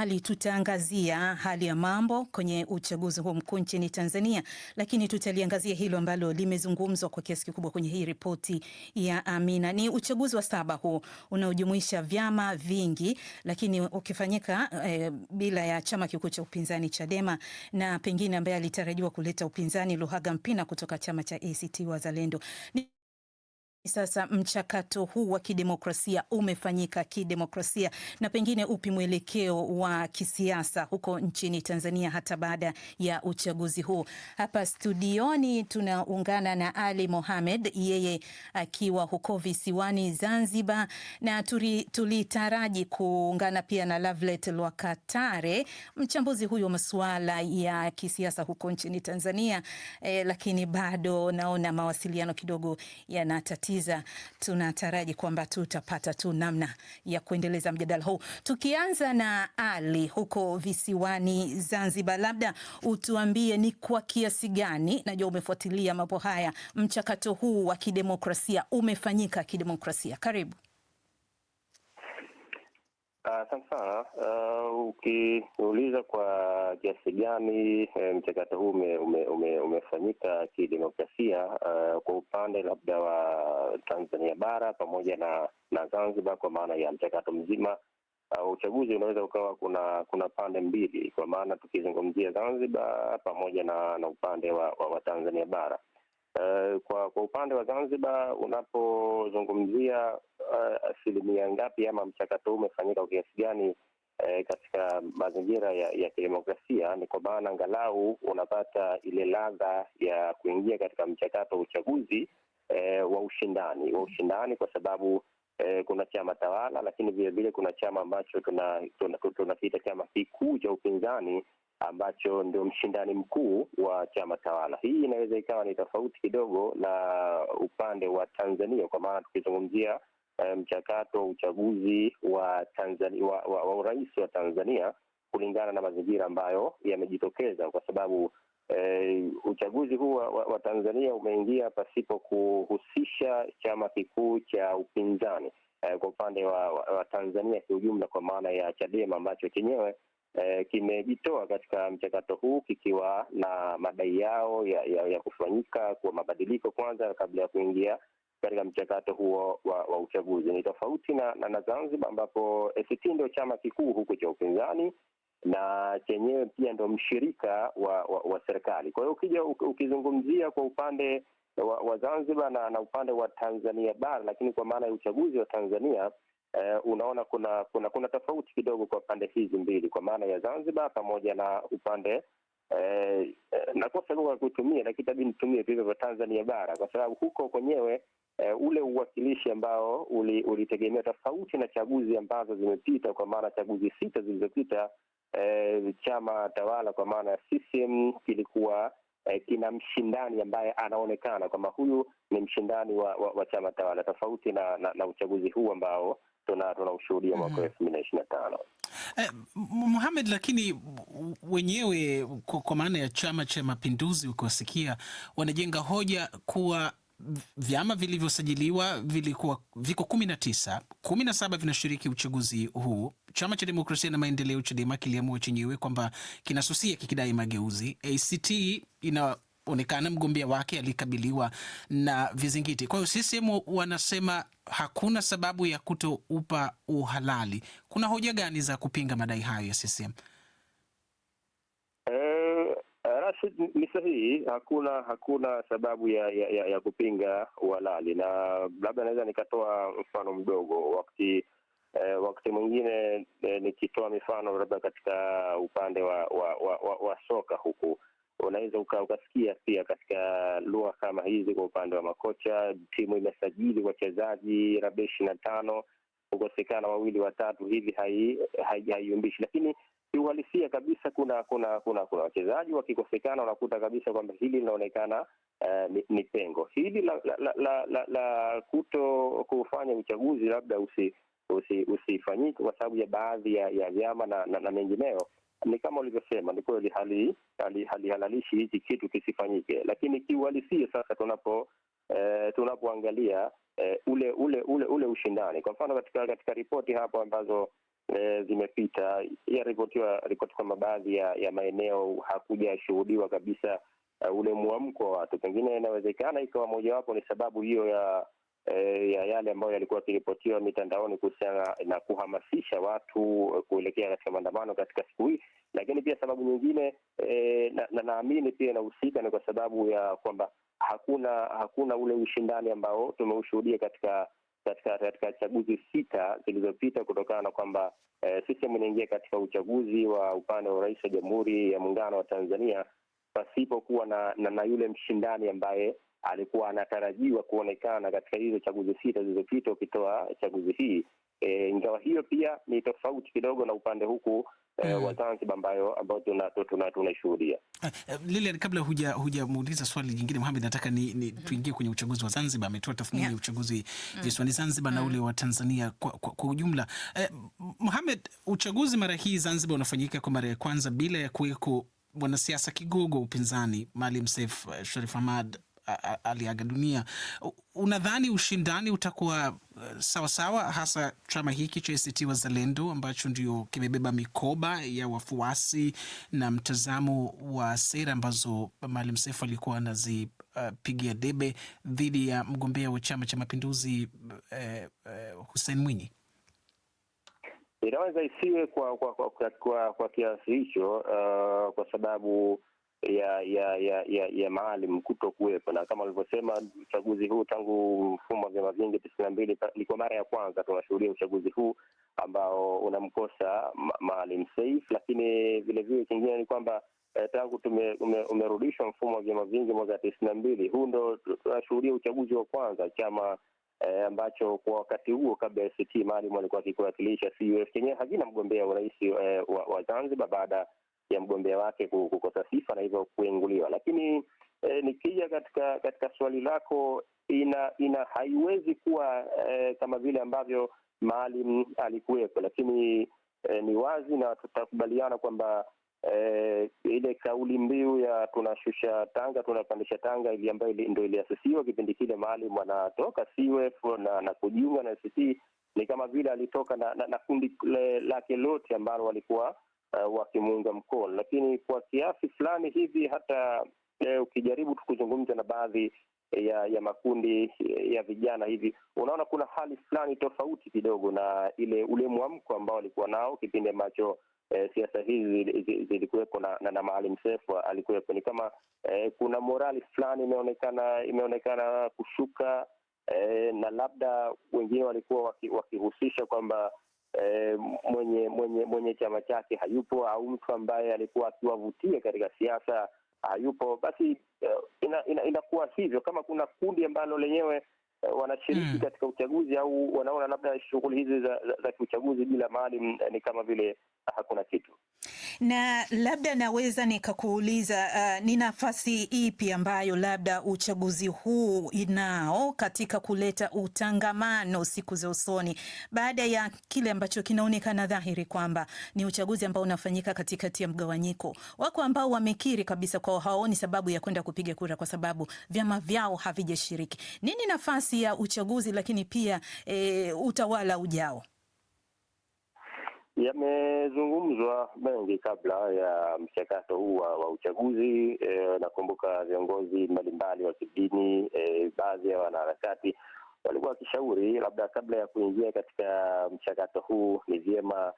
Hali tutaangazia hali ya mambo kwenye uchaguzi huo mkuu nchini Tanzania, lakini tutaliangazia hilo ambalo limezungumzwa kwa kiasi kikubwa kwenye hii ripoti ya Amina. Ni uchaguzi wa saba huu unaojumuisha vyama vingi, lakini ukifanyika e, bila ya chama kikuu cha upinzani Chadema na pengine ambaye alitarajiwa kuleta upinzani Luhaga Mpina kutoka chama cha ACT Wazalendo. Sasa mchakato huu wa kidemokrasia umefanyika kidemokrasia, na pengine upi mwelekeo wa kisiasa huko nchini Tanzania hata baada ya uchaguzi huu? Hapa studioni tunaungana na Ali Mohamed, yeye akiwa huko visiwani Zanzibar, na tulitaraji kuungana pia na Lovelet Lwakatare, mchambuzi huyo masuala ya kisiasa huko nchini Tanzania E, lakini bado naona mawasiliano kidogo yanatatiza kusisitiza tunataraji kwamba tutapata tu namna ya kuendeleza mjadala huu, tukianza na Ali huko visiwani Zanzibar. Labda utuambie ni kwa kiasi gani, najua umefuatilia mambo haya, mchakato huu wa kidemokrasia umefanyika kidemokrasia. Karibu. Asante uh, sana uh, ukiuliza kwa kiasi gani eh, mchakato huu ume, ume, ume, umefanyika kidemokrasia uh, kwa upande labda wa Tanzania bara pamoja na na Zanzibar kwa maana ya mchakato mzima Uh, uchaguzi unaweza ukawa kuna kuna pande mbili, kwa maana tukizungumzia Zanzibar pamoja na na upande wa, wa, wa Tanzania bara uh, kwa kwa upande wa Zanzibar unapozungumzia uh, asilimia uh, ngapi ama mchakato huu umefanyika kwa kiasi gani uh, katika mazingira ya, ya kidemokrasia, ni kwa maana angalau unapata ile ladha ya kuingia katika mchakato wa uchaguzi eh, wa ushindani wa ushindani kwa sababu eh, kuna chama tawala, lakini vilevile kuna chama ambacho tunakiita tuna, tuna, chama kikuu cha upinzani ambacho ndio mshindani mkuu wa chama tawala. Hii inaweza ikawa ni tofauti kidogo na upande wa Tanzania, kwa maana tukizungumzia eh, mchakato um, wa uchaguzi wa wa, wa, wa urais wa Tanzania kulingana na mazingira ambayo yamejitokeza, kwa sababu eh, uchaguzi huu wa, wa Tanzania umeingia pasipo kuhusisha chama kikuu cha upinzani eh, kwa upande wa, wa, wa Tanzania kiujumla, kwa maana ya Chadema ambacho chenyewe e, kimejitoa katika mchakato huu kikiwa na madai yao ya, ya, ya kufanyika kwa mabadiliko kwanza kabla ya kuingia katika mchakato huo wa, wa uchaguzi. Ni tofauti na, na, na Zanzibar ambapo ACT ndio chama kikuu huku cha upinzani na chenyewe pia ndo mshirika wa, wa, wa serikali. Kwa hiyo ukija ukizungumzia kwa upande wa, wa Zanzibar na, na upande wa Tanzania bara, lakini kwa maana ya uchaguzi wa Tanzania eh, unaona kuna kuna kuna tofauti kidogo kwa pande hizi mbili, kwa maana ya Zanzibar pamoja na upande eh, eh nakosa lugha ya kuitumia lakini tabii nitumie vivyo vya Tanzania bara, kwa sababu huko kwenyewe eh, ule uwakilishi ambao ulitegemea uli tofauti na chaguzi ambazo zimepita, kwa maana chaguzi sita zilizopita eh, chama tawala kwa maana ya CCM kilikuwa eh, kina mshindani ambaye anaonekana kwamba huyu ni mshindani wa, wa, wa chama tawala tofauti na, na, na uchaguzi huu ambao tunaushuhudia tuna mwaka mm-hmm. elfu mbili na ishirini na tano. Eh, Mohamed, lakini wenyewe kwa maana ya Chama cha Mapinduzi ukiwasikia wanajenga hoja kuwa vyama vilivyosajiliwa vilikuwa viko kumi na tisa, kumi na saba vinashiriki uchaguzi huu Chama cha Demokrasia na Maendeleo Chadema kiliamua chenyewe kwamba kinasusia kikidai mageuzi. ACT inaonekana mgombea wake alikabiliwa na vizingiti, kwa hiyo CCM wanasema hakuna sababu ya kutoupa uhalali. Kuna hoja gani za kupinga madai hayo ya CCM? Eh, ni sahihi, hakuna hakuna sababu ya ya, ya kupinga uhalali, na labda naweza nikatoa mfano mdogo wakati eh, wakati mwingine eh, nikitoa mifano labda katika upande wa wa, wa, wa, wa soka huku unaweza uka, ukasikia pia katika lugha kama hizi kwa upande wa makocha, timu imesajili wachezaji labda ishiri na tano kukosekana wawili watatu hivi haiumbishi hai, hai, lakini kiuhalisia kabisa kuna kuna kuna kuna wachezaji wakikosekana unakuta kabisa kwamba hili linaonekana uh, ni, ni pengo hili la, la, la, la, la, la kuto kufanya uchaguzi labda usi usi, usifanyike kwa sababu ya baadhi ya vyama na, na, na mengineo. Ni kama ulivyosema, ni kweli hali halihalalishi hichi kitu kisifanyike, lakini kiuhalisia sasa tunapo eh, tunapoangalia eh, ule ule ule ule ushindani, kwa mfano katika katika ripoti hapo ambazo E, zimepita yaripotiwa ripoti kwamba baadhi ya, ya maeneo hakujashuhudiwa kabisa uh, ule mwamko wa watu. Pengine inawezekana ikawa mojawapo ni sababu hiyo ya e, ya yale ambayo yalikuwa yakiripotiwa mitandaoni kuhusiana na kuhamasisha watu e, kuelekea katika maandamano katika siku hii. Lakini pia sababu nyingine e, na naamini pia inahusika ni kwa sababu ya kwamba hakuna hakuna ule ushindani ambao tumeushuhudia katika katika katika chaguzi sita zilizopita kutokana na kwamba e, CCM inaingia katika uchaguzi wa upande wa urais wa Jamhuri ya Muungano wa Tanzania pasipokuwa na, na, na yule mshindani ambaye alikuwa anatarajiwa kuonekana katika hizo chaguzi sita zilizopita, ukitoa chaguzi hii e, ingawa hiyo pia ni tofauti kidogo na upande huku e, mm. wa Zanzibar ambayo ambao tunaishuhudia. Ah, eh, Lilian, kabla hujamuuliza huja swali jingine Mohamed, nataka ni, ni mm-hmm. tuingie kwenye uchaguzi wa Zanzibar. Ametoa tathmini yeah, ya uchaguzi visiwani mm. Zanzibar mm, na ule wa Tanzania kwa, kwa, kwa ujumla eh, Mohamed, uchaguzi mara hii Zanzibar unafanyika kwa mara ya kwanza bila ya kuweko mwanasiasa kigogo upinzani Maalim Seif eh, Sharif Hamad aliaga dunia. Unadhani ushindani utakuwa eh, sawasawa, hasa chama hiki cha ACT Wazalendo ambacho ndio kimebeba mikoba ya wafuasi na mtazamo wa sera ambazo Maalim Seif alikuwa anazipigia uh, debe dhidi ya mgombea wa Chama cha Mapinduzi uh, uh, Hussein Mwinyi? Inaweza isiwe kwa kwa, kwa, kwa, kwa kiasi hicho uh, kwa sababu ya ya ya ya, ya maalim kuto kuwepo, na kama ulivyosema, uchaguzi huu tangu mfumo wa vyama vingi tisini na mbili ilikuwa mara ya kwanza tunashuhudia uchaguzi huu ambao unamkosa Maalim Seif, lakini vilevile kingine ni kwamba eh, tangu tume, ume, umerudishwa mfumo wa vyama vingi mwaka tisini na mbili huu ndo tunashuhudia uchaguzi wa kwanza chama eh, ambacho kwa wakati huo kabla ya ACT Maalim alikuwa akikuwakilisha CUF chenyewe hakina mgombea urais eh, wa, wa Zanzibar baada ya mgombea wake kukosa sifa na hivyo kuinguliwa. Lakini eh, nikija katika katika swali lako, ina ina haiwezi kuwa eh, kama vile ambavyo Maalim alikuwepo, lakini eh, ni wazi na tutakubaliana kwamba eh, ile kauli mbiu ya tunashusha Tanga tunapandisha Tanga ili ambayo ndo iliasisiwa kipindi kile Maalim anatoka CUF na, na kujiunga na ACT ni kama vile alitoka na, na, na kundi lake lote ambalo walikuwa uh, wakimuunga mkono, lakini kwa kiasi fulani hivi hata uh, ukijaribu tu kuzungumza na baadhi eh, ya ya makundi eh, ya vijana hivi, unaona kuna hali fulani tofauti kidogo na ile ule mwamko ambao walikuwa nao kipindi ambacho eh, siasa hizi zilikuwepo na, na, na Maalim Seif alikuwepo. Ni kama eh, kuna morali fulani imeonekana imeonekana kushuka eh, na labda wengine walikuwa wakihusisha waki kwamba eh, mwenye mwenye mwenye chama chake hayupo au mtu ambaye alikuwa akiwavutia katika siasa hayupo, basi inakuwa eh, ina, ina hivyo. Kama kuna kundi ambalo lenyewe eh, wanashiriki mm. katika uchaguzi au wanaona labda shughuli hizi za, za, za kiuchaguzi bila maalim eh, ni kama vile hakuna kitu. Na labda naweza nikakuuliza, uh, ni nafasi ipi ambayo labda uchaguzi huu inao katika kuleta utangamano siku za usoni baada ya kile ambacho kinaonekana dhahiri kwamba ni uchaguzi ambao unafanyika katikati ya mgawanyiko? Wako ambao wamekiri kabisa kwa hawaoni sababu ya kwenda kupiga kura kwa sababu vyama vyao havijashiriki. Nini nafasi ya uchaguzi lakini pia e, utawala ujao? yamezungumzwa mengi kabla ya mchakato huu wa uchaguzi. E, nakumbuka viongozi mbalimbali wa kidini e, baadhi ya wanaharakati walikuwa wakishauri labda kabla ya kuingia katika mchakato huu ni vyema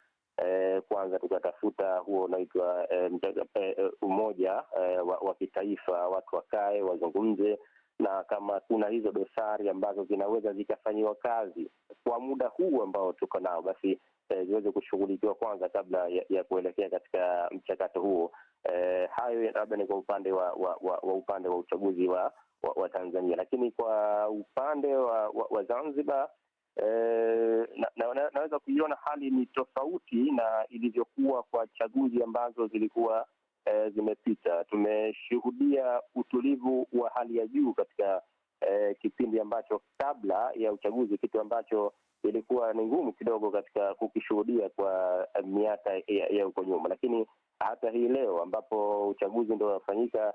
e, kwanza tukatafuta huo unaitwa e, e, e umoja e, wa, wa kitaifa, watu wakae wazungumze na kama kuna hizo dosari ambazo zinaweza zikafanyiwa kazi kwa muda huu ambao tuko nao, basi eh, ziweze kushughulikiwa kwanza kabla ya, ya kuelekea katika mchakato huo. Eh, hayo labda ni kwa upande wa, wa, wa, wa upande wa uchaguzi wa, wa, wa Tanzania, lakini kwa upande wa, wa, wa Zanzibar eh, na, na, na, naweza kuiona hali ni tofauti na ilivyokuwa kwa chaguzi ambazo zilikuwa eh, zimepita. Tumeshuhudia utulivu wa hali ya juu katika eh, kipindi ambacho kabla ya uchaguzi, kitu ambacho ilikuwa ni ngumu kidogo katika kukishuhudia kwa miaka ya huko nyuma, lakini hata hii leo ambapo uchaguzi ndo unafanyika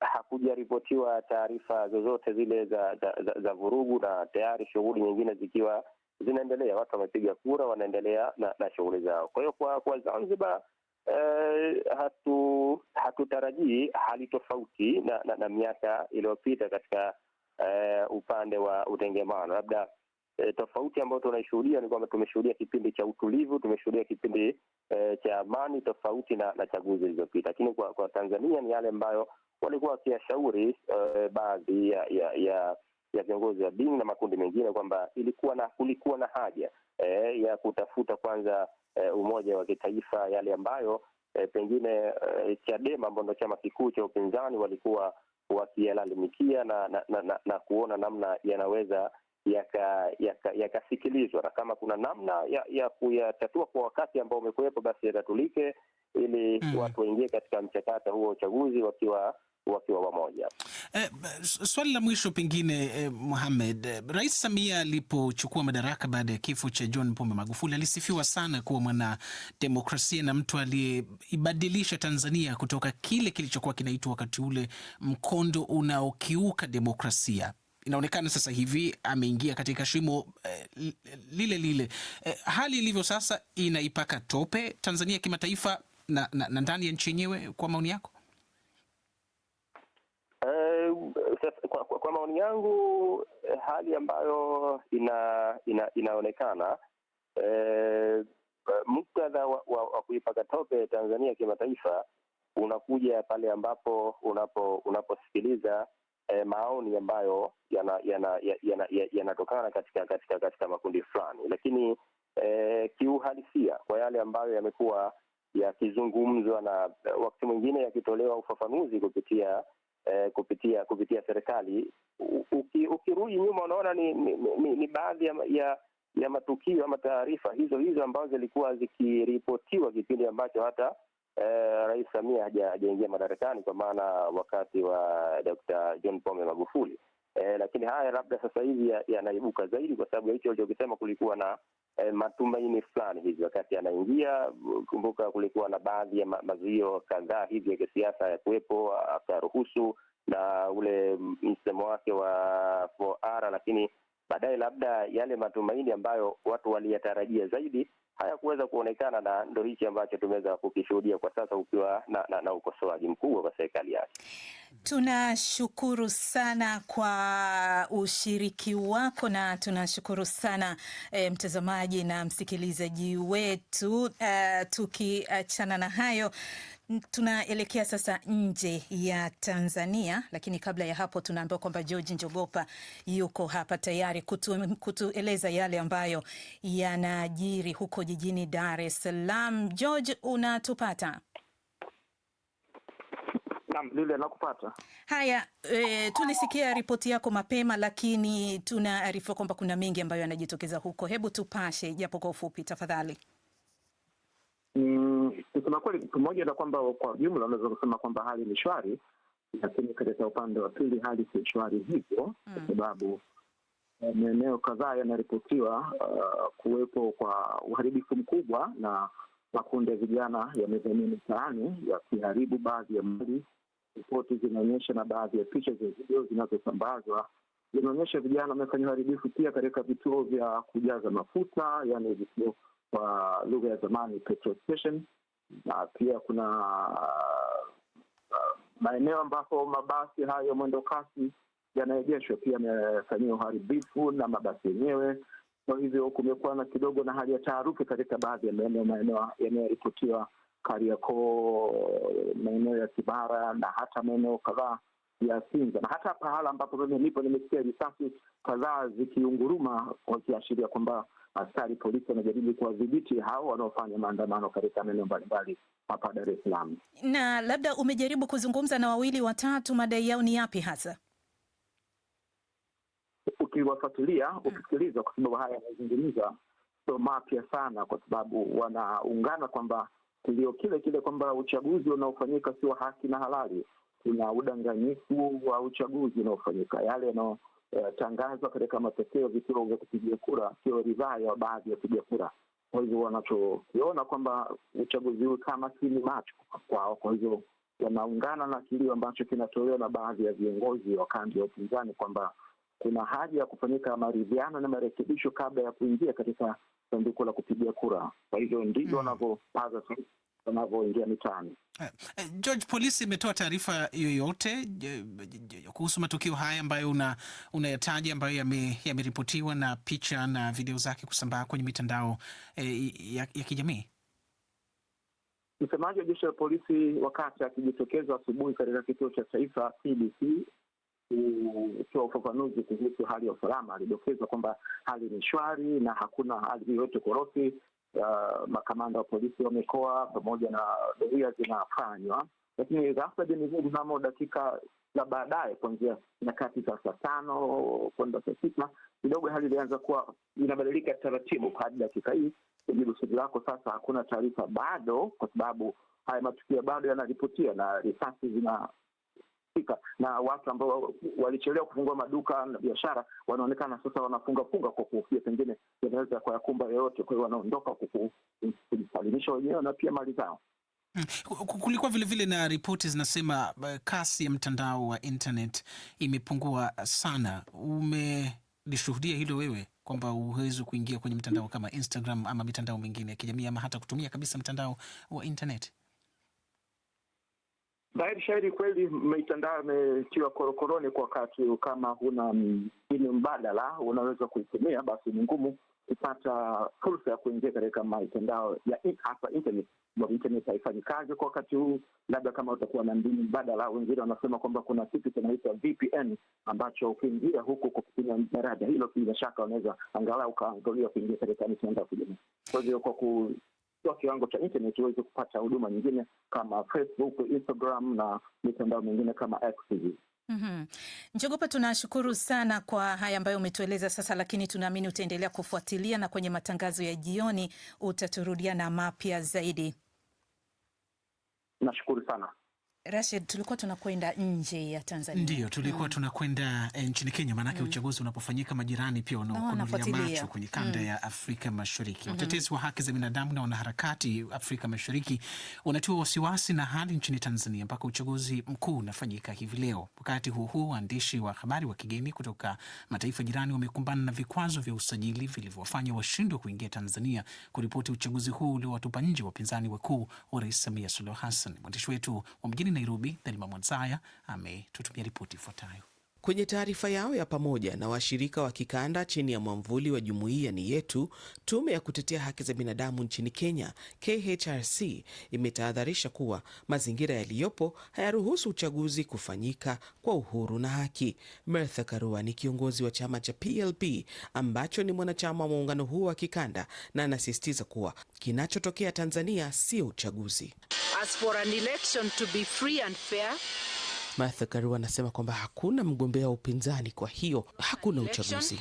hakujaripotiwa taarifa zozote zile za za, za za vurugu, na tayari shughuli nyingine zikiwa zinaendelea. Watu wamepiga kura, wanaendelea na, na shughuli zao. Kwa hiyo kwa kwa Zanzibar eh, hatu hatutarajii hali tofauti na, na, na miaka iliyopita katika eh, upande wa utengemano labda E, tofauti ambayo tunaishuhudia ni kwamba tumeshuhudia kipindi cha utulivu, tumeshuhudia kipindi e, cha amani tofauti na, na chaguzi zilizopita, lakini kwa, kwa Tanzania ni yale ambayo walikuwa wakiyashauri e, baadhi ya ya, ya ya viongozi wa dini na makundi mengine kwamba ilikuwa na kulikuwa na haja e, ya kutafuta kwanza e, umoja wa kitaifa, yale ambayo e, pengine e, Chadema ambao ndo chama kikuu cha upinzani walikuwa wakiyalalamikia na na, na, na na kuona namna yanaweza yakasikilizwa yaka, yaka na kama kuna namna ya, ya kuyatatua kwa wakati ambao umekuwepo basi yatatulike ili mm, watu waingie katika mchakato huo wa uchaguzi wakiwa wakiwa pamoja. Eh, swali la mwisho pengine eh, Mohamed eh, Rais Samia alipochukua madaraka baada ya kifo cha John Pombe Magufuli alisifiwa sana kuwa mwana demokrasia na mtu aliyeibadilisha Tanzania kutoka kile kilichokuwa kinaitwa wakati ule mkondo unaokiuka demokrasia inaonekana sasa hivi ameingia katika shimo eh, lile lile. Eh, hali ilivyo sasa inaipaka tope Tanzania kimataifa na, na, na ndani ya nchi yenyewe, kwa maoni yako? Eh, kwa, kwa, kwa maoni yangu eh, hali ambayo ina, ina, inaonekana eh, muktadha wa, wa, wa kuipaka tope Tanzania kimataifa unakuja pale ambapo unapo unaposikiliza e, maoni ambayo yanatokana yana, yana, yana, yana katika katika katika makundi fulani, lakini e, kiuhalisia kwa yale ambayo yamekuwa yakizungumzwa na eh, wakati mwingine yakitolewa ufafanuzi kupitia e, kupitia kupitia serikali, ukirui nyuma unaona ni, ni, ni, ni baadhi ya, ya ya matukio ama taarifa hizo hizo ambazo zilikuwa zikiripotiwa kipindi ambacho hata eh, Rais Samia hajaingia madarakani kwa maana wakati wa Dkt. John Pombe Magufuli. Eh, lakini haya labda sasa hivi yanaibuka ya zaidi kwa sababu ya hicho alichokisema. Kulikuwa na eh, matumaini fulani hivi wakati anaingia. Kumbuka kulikuwa na baadhi ya ma, mazuio kadhaa hivi ya kisiasa ya kuwepo akaruhusu na ule msemo wake wa 4R, lakini baadaye labda yale matumaini ambayo watu waliyatarajia zaidi hayakuweza kuonekana, na ndo hichi ambacho tumeweza kukishuhudia kwa sasa, ukiwa na, na, na ukosoaji mkubwa kwa serikali yake. Tunashukuru sana kwa ushiriki wako na tunashukuru sana e, mtazamaji na msikilizaji wetu. E, tukiachana na hayo Tunaelekea sasa nje ya Tanzania, lakini kabla ya hapo tunaambiwa kwamba George Njogopa yuko hapa tayari kutu, kutueleza yale ambayo yanajiri huko jijini Dar es Salaam. George, unatupata? Naam, lile nakupata. Haya, e, tulisikia ripoti yako mapema, lakini tunaarifiwa kwamba kuna mengi ambayo yanajitokeza huko. Hebu tupashe japo kwa ufupi tafadhali. Kusema kweli, pamoja na kwamba kwa jumla unaweza kusema kwamba hali ni shwari, lakini katika upande wa pili hali si shwari hivyo, kwa mm. sababu eh, maeneo kadhaa yanaripotiwa uh, kuwepo kwa uharibifu mkubwa na makundi ya vijana yamevamia mitaani yakiharibu baadhi ya mali. Ripoti zinaonyesha na baadhi ya picha za video zinazosambazwa zinaonyesha vijana wamefanya uharibifu pia katika vituo vya kujaza mafuta, yani vituo kwa lugha ya zamani petrol station, na pia kuna uh, maeneo ambapo mabasi hayo mwendo kasi yanaegeshwa pia yamefanyia uharibifu na mabasi yenyewe. Kwa hivyo kumekuwa na kidogo na hali ya taharuki katika baadhi ya maeneo maeneo yanayoripotiwa Kariakoo, maeneo ya Kibara na hata maeneo kadhaa ya Sinza na hata pahala ambapo mimi nipo nimesikia risasi kadhaa zikiunguruma, wakiashiria kwamba askari polisi wanajaribu kuwadhibiti hao wanaofanya maandamano katika maeneo mbalimbali hapa Dar es Salaam. Na labda umejaribu kuzungumza na wawili watatu, madai yao ni yapi hasa? Ukiwafuatilia hmm, ukisikiliza, kwa sababu haya yanazungumza sio mapya sana, kwa sababu wanaungana kwamba kilio kile kile kwamba uchaguzi unaofanyika sio haki na halali, kuna udanganyifu wa uchaguzi unaofanyika, yale yanao eh, tangazwa katika matokeo vituo vya kupigia kura, sio ridhaa ya baadhi ya wapiga kura. Kwa hivyo wanachokiona kwamba uchaguzi huu kama si ni macho kwao, kwa hivyo wanaungana na kilio ambacho kinatolewa na baadhi ya viongozi wa kambi ya upinzani kwamba kuna haja ya kufanyika maridhiano na marekebisho kabla ya kuingia katika sanduku la kupigia kura. Kwa hivyo ndivyo hmm. wanavyopaza wanavyoingia mitaani. Eh, George, polisi imetoa taarifa yoyote kuhusu matukio haya ambayo unayataja, una ambayo yameripotiwa yame na picha na video zake kusambaa kwenye mitandao e, ya, ya kijamii? Msemaji wa jeshi la polisi wakati akijitokeza asubuhi katika kituo cha taifa CBC kutoa ufafanuzi kuhusu hali ya usalama, alidokeza kwamba hali ni shwari na hakuna hali yoyote korofi uh, makamanda wa polisi wa mikoa pamoja na doria zinafanywa, lakini ghafla jenizuu mnamo dakika za baadaye kuanzia nyakati za saa tano kwenda saa sita kidogo hali ilianza kuwa inabadilika taratibu. Hadi dakika hii kujibu swali lako, sasa hakuna taarifa bado, kwa sababu haya matukio bado yanaripotia na risasi zina fika na watu ambao walichelewa kufungua maduka na biashara wanaonekana sasa wanafungafunga kwa kuhofia pengine yanaweza yakumba yoyote. Kwa hiyo wanaondoka kujisalimisha wenyewe na pia mali zao. Hmm. Kulikuwa vilevile vile na ripoti zinasema kasi ya mtandao wa internet imepungua sana. Umelishuhudia hilo wewe kwamba huwezi kuingia kwenye mtandao kama Instagram ama mitandao mingine ya kijamii ama hata kutumia kabisa mtandao wa internet? dhahiri shahiri kweli mitandao imetiwa korokoroni kwa wakati. Kama huna mbinu mbadala unaweza kuitumia, basi ni ngumu kupata fursa ya kuingia katika mitandao ya hasa internet, internet haifanyi kazi kwa wakati huu, labda kama utakuwa na mbinu mbadala. Wengine wanasema kwamba kuna kitu kinaitwa VPN ambacho ukiingia huku kupitia daraja hilo, bila shaka unaweza angalau ukaangalia kuingia katika mitandao kijamii. Kwa hivyo kwa ku kwa kiwango cha internet uweze kupata huduma nyingine kama Facebook, Instagram na mitandao mingine kama X Mm -hmm. Njogopa, tunashukuru sana kwa haya ambayo umetueleza sasa, lakini tunaamini utaendelea kufuatilia na kwenye matangazo ya jioni utaturudia na mapya zaidi. Nashukuru sana. Rashid, tulikuwa tunakwenda nje ya Tanzania. Ndio, tulikuwa mm. tunakwenda eh, nchini Kenya maanake mm. uchaguzi unapofanyika majirani pia wanakunulia macho kwenye kanda mm. ya Afrika Mashariki. Mm-hmm. Watetezi mm -hmm. wa haki za binadamu na wanaharakati Afrika Mashariki wanatiwa wasiwasi na hali nchini Tanzania mpaka uchaguzi mkuu unafanyika hivi leo. Wakati huo huo, waandishi wa habari wa kigeni kutoka mataifa jirani wamekumbana na vikwazo vya usajili vilivyowafanya washindwe kuingia Tanzania kuripoti uchaguzi huu uliowatupa nje wapinzani wakuu wa Rais Samia Suluhu Hassan. Mwandishi wetu wa mjini Nairobi, Thelma Mwansaya ametutumia ripoti ifuatayo. Kwenye taarifa yao ya pamoja na washirika wa kikanda chini ya mwamvuli wa jumuiya ni yetu, tume ya kutetea haki za binadamu nchini Kenya KHRC imetahadharisha kuwa mazingira yaliyopo hayaruhusu uchaguzi kufanyika kwa uhuru na haki. Martha Karua ni kiongozi wa chama cha PLP ambacho ni mwanachama wa muungano huo wa kikanda na anasisitiza kuwa kinachotokea Tanzania sio uchaguzi. As for an election to be free and fair, Martha Karua anasema kwamba hakuna mgombea wa upinzani, kwa hiyo hakuna uchaguzi,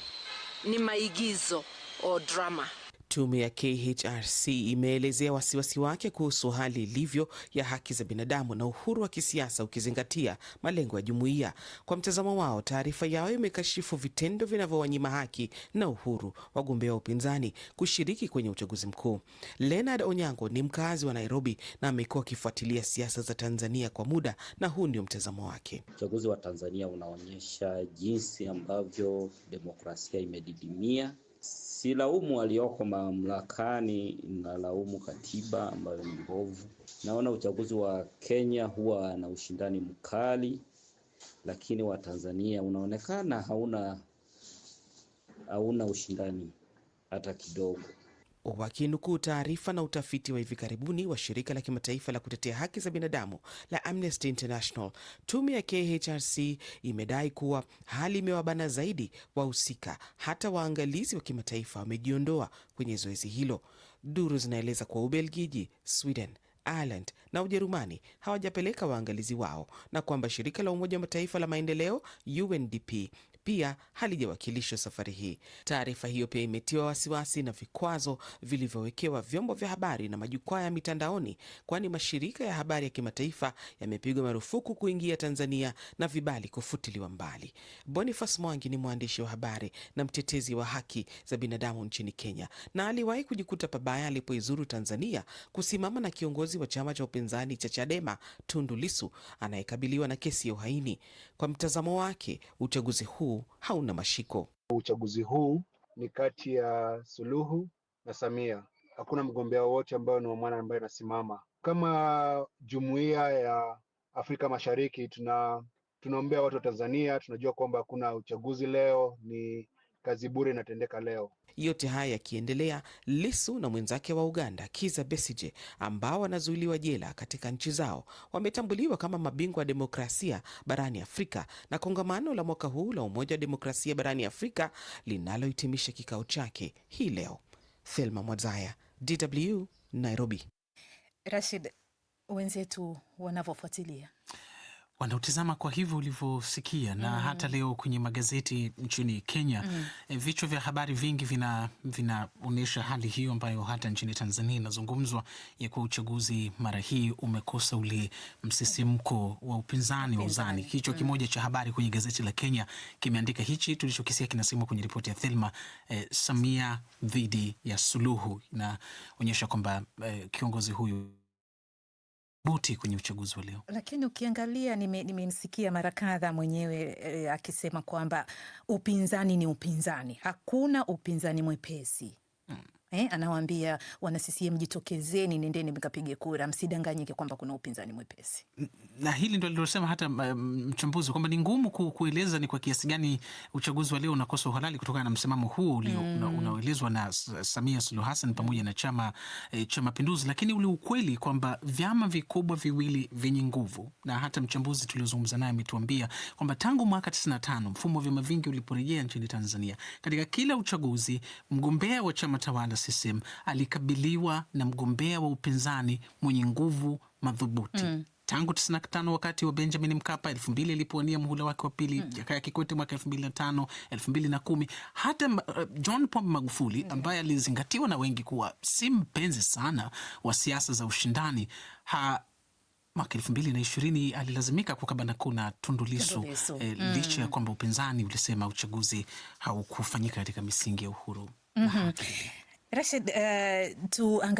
ni maigizo o drama. Tume ya KHRC imeelezea wasiwasi wake kuhusu hali ilivyo ya haki za binadamu na uhuru wa kisiasa ukizingatia malengo ya jumuiya. Kwa mtazamo wao, taarifa yao imekashifu vitendo vinavyowanyima haki na uhuru wagombea wa upinzani kushiriki kwenye uchaguzi mkuu. Leonard Onyango ni mkaazi wa Nairobi na amekuwa akifuatilia siasa za Tanzania kwa muda na huu ndio mtazamo wake. Uchaguzi wa Tanzania unaonyesha jinsi ambavyo demokrasia imedidimia silaumu walioko mamlakani, na laumu katiba ambayo ni mbovu. Naona uchaguzi wa Kenya huwa na ushindani mkali, lakini wa Tanzania unaonekana hauna hauna ushindani hata kidogo. Wakinukuu taarifa na utafiti wa hivi karibuni wa shirika la kimataifa la kutetea haki za binadamu la Amnesty International, tume ya KHRC imedai kuwa hali imewabana zaidi wahusika, hata waangalizi wa kimataifa wamejiondoa kwenye zoezi hilo. Duru zinaeleza kuwa Ubelgiji, Sweden, Ireland na Ujerumani hawajapeleka waangalizi wao na kwamba shirika la Umoja wa Mataifa la maendeleo UNDP pia halijawakilishwa safari hii. Taarifa hiyo pia imetiwa wasiwasi na vikwazo vilivyowekewa vyombo vya habari na majukwaa ya mitandaoni, kwani mashirika ya habari ya kimataifa yamepigwa marufuku kuingia Tanzania na vibali kufutiliwa mbali. Boniface Mwangi ni mwandishi wa habari na mtetezi wa haki za binadamu nchini Kenya na aliwahi kujikuta pabaya alipoizuru Tanzania kusimama na kiongozi wa chama cha upinzani cha Chadema Tundu Lisu anayekabiliwa na kesi ya uhaini. Kwa mtazamo wake, uchaguzi huu huu hauna mashiko. Uchaguzi huu ni kati ya Suluhu na Samia. Hakuna mgombea wowote ambayo ni wamwana ambaye anasimama. Kama jumuiya ya Afrika Mashariki tuna tunaombea watu wa Tanzania. Tunajua kwamba hakuna uchaguzi leo, ni kazi bure inatendeka leo. Yote haya yakiendelea, Lisu na mwenzake wa Uganda Kiza Besije ambao wanazuiliwa jela katika nchi zao wametambuliwa kama mabingwa wa demokrasia barani Afrika, na kongamano la mwaka huu la Umoja wa Demokrasia barani Afrika linalohitimisha kikao chake hii leo. Thelma Mwazaya, DW, Nairobi. Rashid, wenzetu wanavyofuatilia wanautizama kwa hivyo ulivyosikia na mm. hata leo kwenye magazeti nchini Kenya mm. e, vichwa vya habari vingi vinaonyesha hali hiyo ambayo hata nchini Tanzania inazungumzwa ya kuwa uchaguzi mara hii umekosa ule msisimko wa upinzani wa uzani. Kichwa mm. kimoja cha habari kwenye gazeti la Kenya kimeandika hichi tulichokisia, kinasema kwenye ripoti ya Thelma e, Samia dhidi ya Suluhu, inaonyesha kwamba e, kiongozi huyu buti kwenye uchaguzi wa leo. Lakini ukiangalia, nimemsikia nime mara kadha mwenyewe e, akisema kwamba upinzani ni upinzani, hakuna upinzani mwepesi hmm. Eh, anawaambia wana CCM jitokezeni, nendeni mkapige kura, msidanganyike kwamba kuna upinzani mwepesi. Na hili ndio lilosema hata mchambuzi kwamba ni ngumu kueleza ni kwa kiasi gani uchaguzi wa leo unakosa uhalali kutokana na msimamo huo mm. unaoelezwa mm. na Samia Suluhu Hassan pamoja na Chama e, cha Mapinduzi, lakini ule ukweli kwamba vyama vikubwa viwili vyenye nguvu, na hata mchambuzi tuliozungumza naye ametuambia kwamba tangu mwaka 95 mfumo wa vyama vingi uliporejea nchini Tanzania, katika kila uchaguzi mgombea wa chama tawala CCM alikabiliwa na mgombea wa upinzani mwenye nguvu madhubuti mm. Tangu 95 wakati wa Benjamin Mkapa, 2000 alipowania muhula wake wa pili mm. Jakaya Kikwete mwaka 2005, 2010. Hata uh, John Pombe Magufuli mm. ambaye alizingatiwa na wengi kuwa si mpenzi sana wa siasa za ushindani ha mwaka elfu mbili na ishirini alilazimika kukabana kuna Tundu Lissu eh, mm. licha ya mm. kwamba upinzani ulisema uchaguzi haukufanyika katika misingi ya uhuru mm -hmm. Rashid, uh, tuangazie